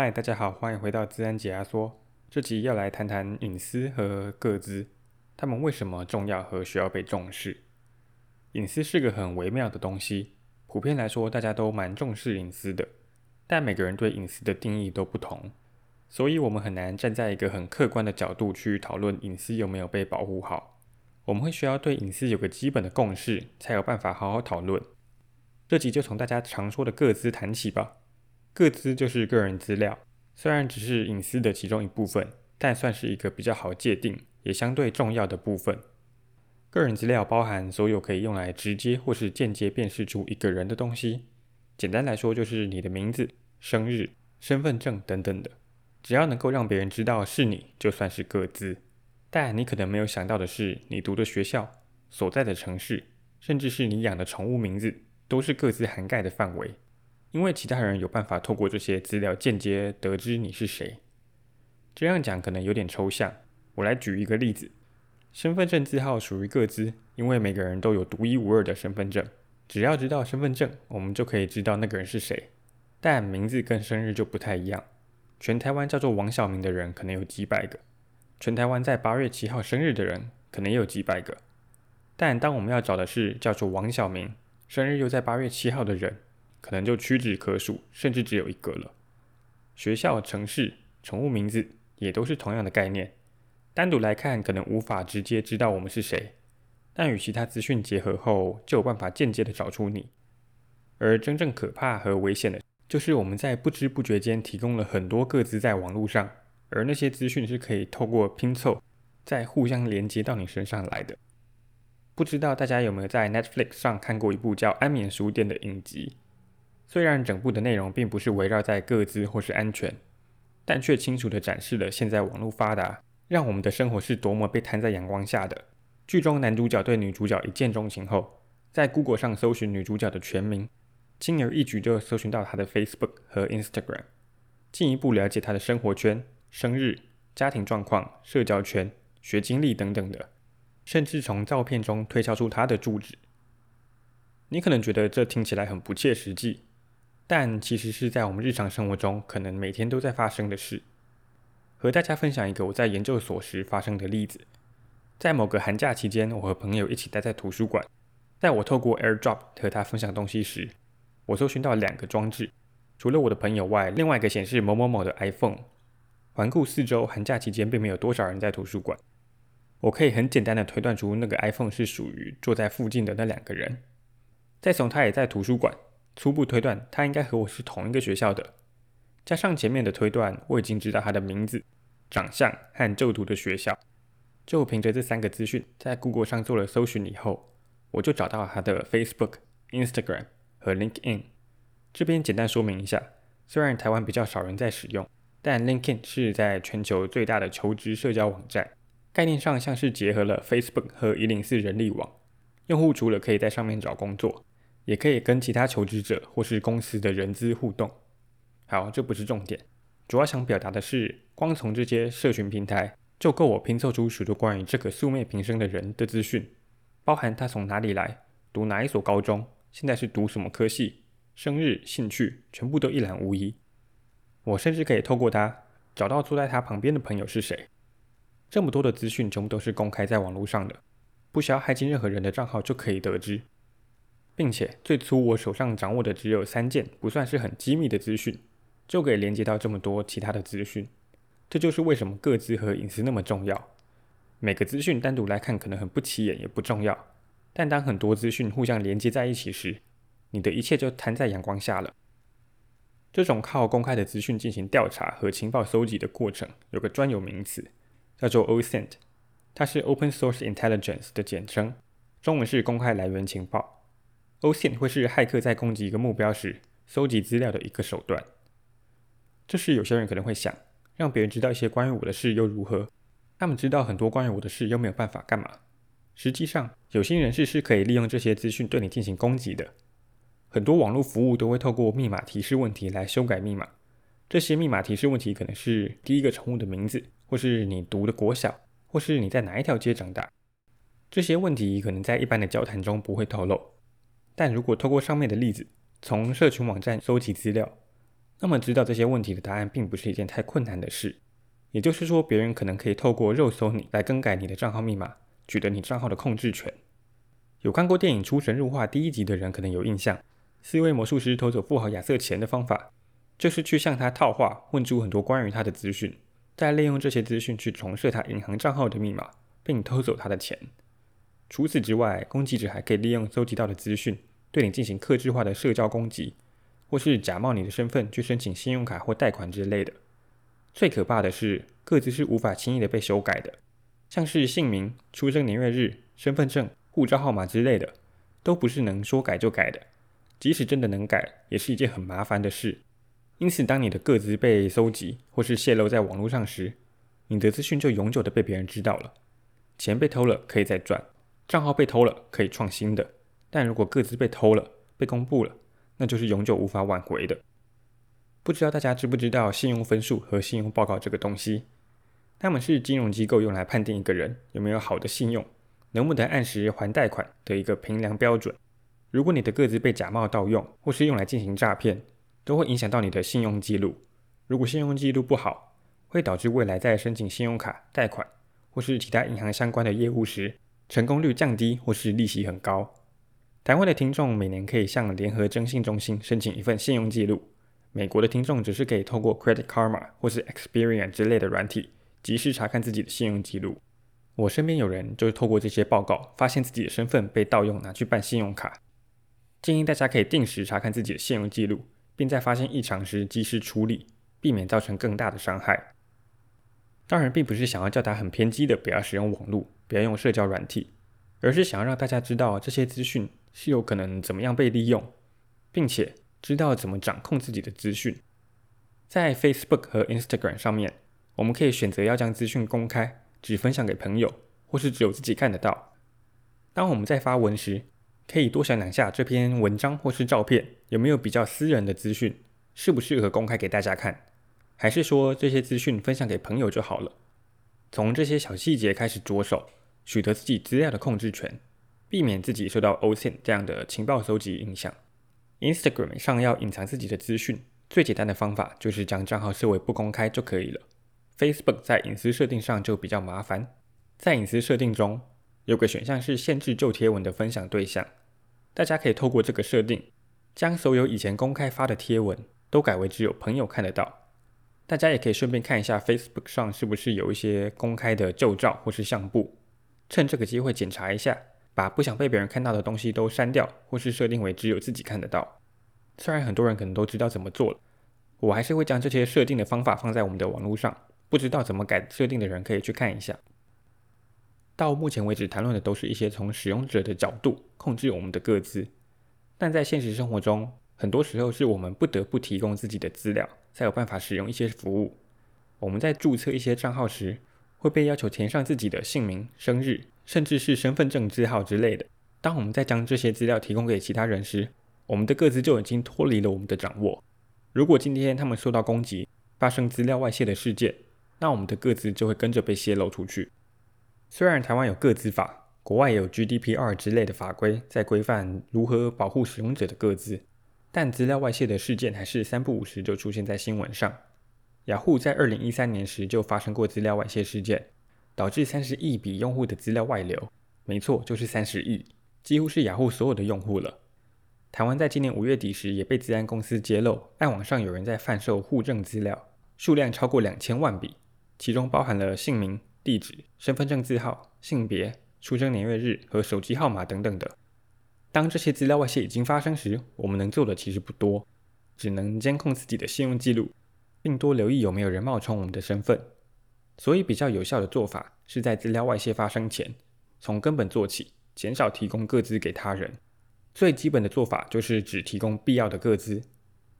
嗨，Hi, 大家好，歡迎回到資安解壓縮。這集要來談談隱私和個資，他們為什麼重要和需要被重視？隱私是個很微妙的東西，普遍來說大家都蠻重視隱私的，但每個人對隱私的定義都不同，所以我們很難站在一個很客觀的角度去討論隱私有沒有被保護好。我們會需要對隱私有個基本的共識，才有辦法好好討論。這集就從大家常說的個資談起吧。個資就是個人資料，雖然只是隱私的其中一部分，但算是一個比較好界定、也相對重要的部分。個人資料包含所有可以用來直接或是間接辨識出一個人的東西。簡單來說，就是你的名字、生日、身份證等等的，只要能夠讓別人知道是你，就算是個資，但你可能沒有想到的是，你讀的學校、所在的城市，甚至是你養的寵物名字，都是個資涵蓋的範圍。因為其他人有辦法透過這些資料間接得知你是誰，這樣講可能有點抽象。我來舉一個例子：身份證字號屬於個資，因為每個人都有獨一無二的身份證，只要知道身份證，我們就可以知道那個人是誰。但名字跟生日就不太一樣，全台灣叫做王小明的人可能有幾百個，全台灣在八月七號生日的人可能也有幾百個。但當我們要找的是叫做王小明，生日又在八月七號的人。可能就屈指可數，甚至只有一個了。學校、城市、寵物名字也都是同樣的概念。單獨來看，可能無法直接知道我們是誰，但與其他資訊結合後，就有辦法間接地找出你。而真正可怕和危險的，就是我們在不知不覺間提供了很多個資在網絡上，而那些資訊是可以透過拼湊，再互相連接到你身上來的。不知道大家有沒有在 Netflix 上看過一部叫《安眠書店》的影集？雖然整部的內容並不是圍繞在個資或是安全，但卻清楚地展示了現在網絡發達，讓我們的生活是多麼被攤在陽光下的。劇中男主角對女主角一見鍾情後，在 Google 上搜尋女主角的全名，輕而易舉就搜尋到她的 Facebook 和 Instagram，進一步了解她的生活圈、生日、家庭狀況、社交圈、學經歷等等的，甚至從照片中推敲出她的住址。你可能覺得這聽起來很不切實際。但其實是在我們日常生活中，可能每天都在發生的事。和大家分享一個我在研究所時發生的例子。在某個寒假期間，我和朋友一起待在圖書館。在我透過 AirDrop 和他分享東西時，我搜尋到兩個裝置，除了我的朋友外，另外一個顯示某某某的 iPhone。環顧四周，寒假期間並沒有多少人在圖書館。我可以很簡單的推斷出那個 iPhone 是屬於坐在附近的那兩個人。再從他也在圖書館。初步推斷，他應該和我是同一個學校的。加上前面的推斷，我已經知道他的名字、長相和就讀的學校。就憑着這三個資訊，在 Google 上做了搜尋以後，我就找到他的 Facebook、Instagram 和 LinkedIn。這邊簡單說明一下，雖然台灣比較少人在使用，但 LinkedIn 是在全球最大的求職社交網站，概念上像是結合了 Facebook 和104人力網。用戶除了可以在上面找工作。也可以跟其他求職者或是公司的人資互動。好，這不是重點，主要想表達的是，光從這些社群平台就夠我拼湊出許多關於這個素昧平生的人的資訊，包含他從哪裡來，讀哪一所高中，現在是讀什麼科系，生日、興趣，全部都一覽無遺。我甚至可以透過他找到坐在他旁邊的朋友是誰。這麼多的資訊全部都是公開在網絡上的，不需要駭進任何人的賬號就可以得知。並且最初我手上掌握的只有三件不算是很機密的資訊，就可以連接到這麼多其他的資訊。這就是為什麼個資和隱私那麼重要。每個資訊單獨來看可能很不起眼，也不重要，但當很多資訊互相連接在一起時，你的一切就攤在陽光下了。這種靠公開的資訊進行調查和情報蒐集的過程，有個專有名詞叫做 OSINT，它是 Open Source Intelligence 的簡稱，中文是公開來源情報。o c 會是駭客在攻擊一個目標時蒐集資料的一個手段。這是有些人可能會想，讓別人知道一些關於我的事又如何？他們知道很多關於我的事又沒有辦法幹嘛？實際上，有心人士是可以利用這些資訊對你進行攻擊的。很多網絡服務都會透過密碼提示問題來修改密碼。這些密碼提示問題可能是第一個寵物的名字，或是你讀的國小，或是你在哪一條街長大。這些問題可能在一般的交談中不會透露。但如果透過上面的例子，從社群網站搜集資料，那麼知道這些問題的答案並不是一件太困難的事。也就是說，別人可能可以透過肉搜你來更改你的賬號密碼，取得你賬號的控制權。有看過電影《出神入化》第一集的人可能有印象，四位魔術師偷走富豪亞瑟錢的方法，就是去向他套話，問出很多關於他的資訊，再利用這些資訊去重設他銀行賬號的密碼，並偷走他的錢。除此之外，攻擊者還可以利用搜集到的資訊。對你進行客製化的社交攻擊，或是假冒你的身份去申請信用卡或貸款之類的。最可怕的是，個資是無法輕易的被修改的，像是姓名、出生年月日、身份證、護照號碼之類的，都不是能說改就改的。即使真的能改，也是一件很麻煩的事。因此，當你的個資被搜集或是洩露在網絡上時，你的資訊就永久的被別人知道了。錢被偷了可以再賺，賬號被偷了可以創新的。但如果個資被偷了、被公布了，那就是永久無法挽回的。不知道大家知不知道信用分數和信用報告這個東西？他們是金融機構用來判定一個人有沒有好的信用、能不能按時還貸款的一個評量標準。如果你的個資被假冒盜用，或是用來進行詐騙，都會影響到你的信用記錄。如果信用記錄不好，會導致未來在申請信用卡、貸款或是其他銀行相關的業務時，成功率降低或是利息很高。台灣的聽眾每年可以向聯合徵信中心申請一份信用記錄，美國的聽眾只是可以透過 Credit Karma 或是 Experian 之類的軟體，及時查看自己的信用記錄。我身邊有人就是透過這些報告，發現自己的身份被盜用，拿去辦信用卡。建議大家可以定時查看自己的信用記錄，並在發現異常時及時處理，避免造成更大的傷害。當然，並不是想要叫他很偏激的不要使用網絡，不要用社交軟體，而是想要讓大家知道這些資訊是有可能怎麼樣被利用，並且知道怎麼掌控自己的資訊。在 Facebook 和 Instagram 上面，我們可以選擇要將資訊公開，只分享給朋友，或是只有自己看得到。當我們在發文時，可以多想兩下這篇文章或是照片，有沒有比較私人的資訊，適不適合公開給大家看，還是說這些資訊分享給朋友就好了。從這些小細節開始着手，取得自己資料的控制權。避免自己受到 OSINT 這樣的情報收集影響。Instagram 上要隱藏自己的資訊，最簡單的方法就是將賬號設為不公開就可以了。Facebook 在隱私設定上就比較麻煩，在隱私設定中有個選項是限制舊貼文的分享對象，大家可以透過這個設定，將所有以前公開發的貼文都改為只有朋友看得到。大家也可以順便看一下 Facebook 上是不是有一些公開的舊照或是相簿，趁這個機會檢查一下。把不想被別人看到的東西都刪掉，或是設定為只有自己看得到。雖然很多人可能都知道怎麼做了，我還是會將這些設定的方法放在我們的網絡上，不知道怎麼改設定的人可以去看一下。到目前為止談論的都是一些從使用者的角度控制我們的個資，但在現實生活中，很多時候是我們不得不提供自己的資料才有辦法使用一些服務。我們在注冊一些賬號時，會被要求填上自己的姓名、生日。甚至是身份證字號之類的。當我們在將這些資料提供給其他人時，我們的個資就已經脫離了我們的掌握。如果今天他們受到攻擊，發生資料外泄的事件，那我們的個資就會跟着被泄露出去。雖然台灣有個資法，國外也有 GDPR 之類的法規，在規範如何保護使用者的個資，但資料外泄的事件還是三不五時就出現在新聞上。雅虎在二零一三年時就發生過資料外泄事件。導致三十億筆用戶的資料外流，沒錯，就是三十億，幾乎是雅虎、ah、所有的用戶了。台灣在今年五月底時也被資安公司揭露，暗網上有人在販售戶政資料，數量超過兩千萬筆，其中包含了姓名、地址、身份證字號、性別、出生年月日和手機號碼等等的。當這些資料外泄已經發生時，我們能做的其實不多，只能監控自己的信用記錄，並多留意有沒有人冒充我們的身份。所以比較有效的做法是在資料外泄發生前，從根本做起，減少提供個資給他人。最基本的做法就是只提供必要的個資，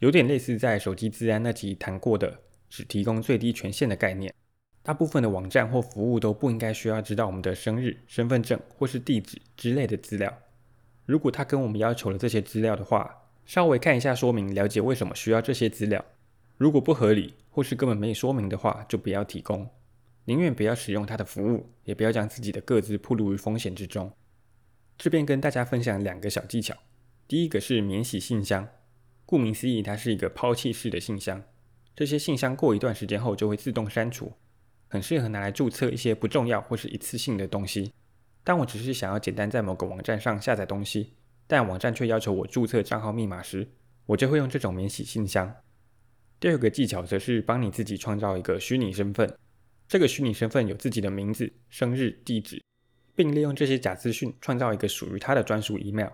有點類似在手機資安那集談過的只提供最低權限的概念。大部分的網站或服務都不應該需要知道我們的生日、身份證或是地址之類的資料。如果他跟我們要求了這些資料的話，稍微看一下說明，了解為什麼需要這些資料。如果不合理或是根本沒有說明的話，就不要提供。寧願不要使用它的服務，也不要將自己的個資暴露於風險之中。這邊跟大家分享兩個小技巧。第一個是免洗信箱，顧名思義，它是一個拋棄式的信箱。這些信箱過一段時間後就會自動刪除，很適合拿來注冊一些不重要或是一次性的東西。當我只是想要簡單在某個網站上下載東西，但網站卻要求我注冊賬號密碼時，我就會用這種免洗信箱。第二個技巧則是幫你自己創造一個虛擬身份。這個虛擬身份有自己的名字、生日、地址，並利用這些假資訊創造一個屬於他的專屬 email。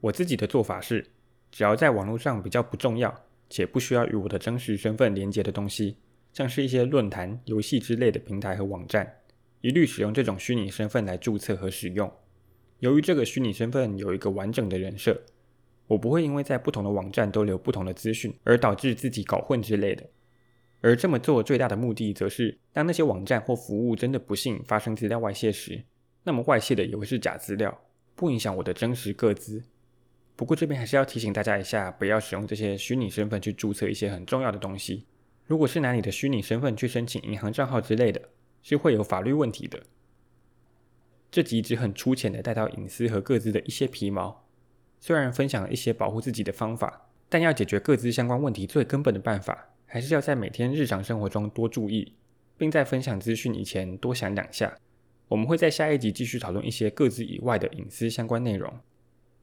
我自己的做法是，只要在網絡上比較不重要且不需要與我的真實身份連接的東西，像是一些論壇、遊戲之類的平台和網站，一律使用這種虛擬身份來注冊和使用。由於這個虛擬身份有一個完整的人設，我不會因為在不同的網站都留不同的資訊而導致自己搞混之類的。而這麼做最大的目的，則是當那些網站或服務真的不幸發生資料外泄時，那麼外泄的也會是假資料，不影響我的真實個資。不過這邊還是要提醒大家一下，不要使用這些虛擬身份去注冊一些很重要的東西。如果是拿你的虛擬身份去申請銀行賬號之類的，是會有法律問題的。這集只很粗淺的帶到隱私和個資的一些皮毛，雖然分享了一些保護自己的方法，但要解決個資相關問題最根本的辦法。還是要在每天日常生活中多注意，並在分享資訊以前多想兩下。我們會在下一集繼續討論一些個資以外的隱私相關內容。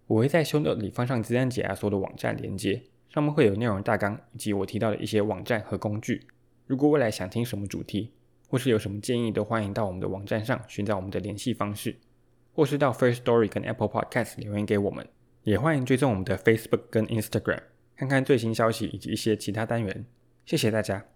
我會在 show note 裡放上資安解壓縮的網站連接，上面會有內容大綱以及我提到的一些網站和工具。如果未來想聽什麼主題，或是有什麼建議，都歡迎到我們的網站上尋找我們的聯繫方式，或是到 Firstory 跟 Apple Podcast 留言給我們。也歡迎追蹤我們的 Facebook 跟 Instagram，看看最新消息以及一些其他單元。謝謝大家。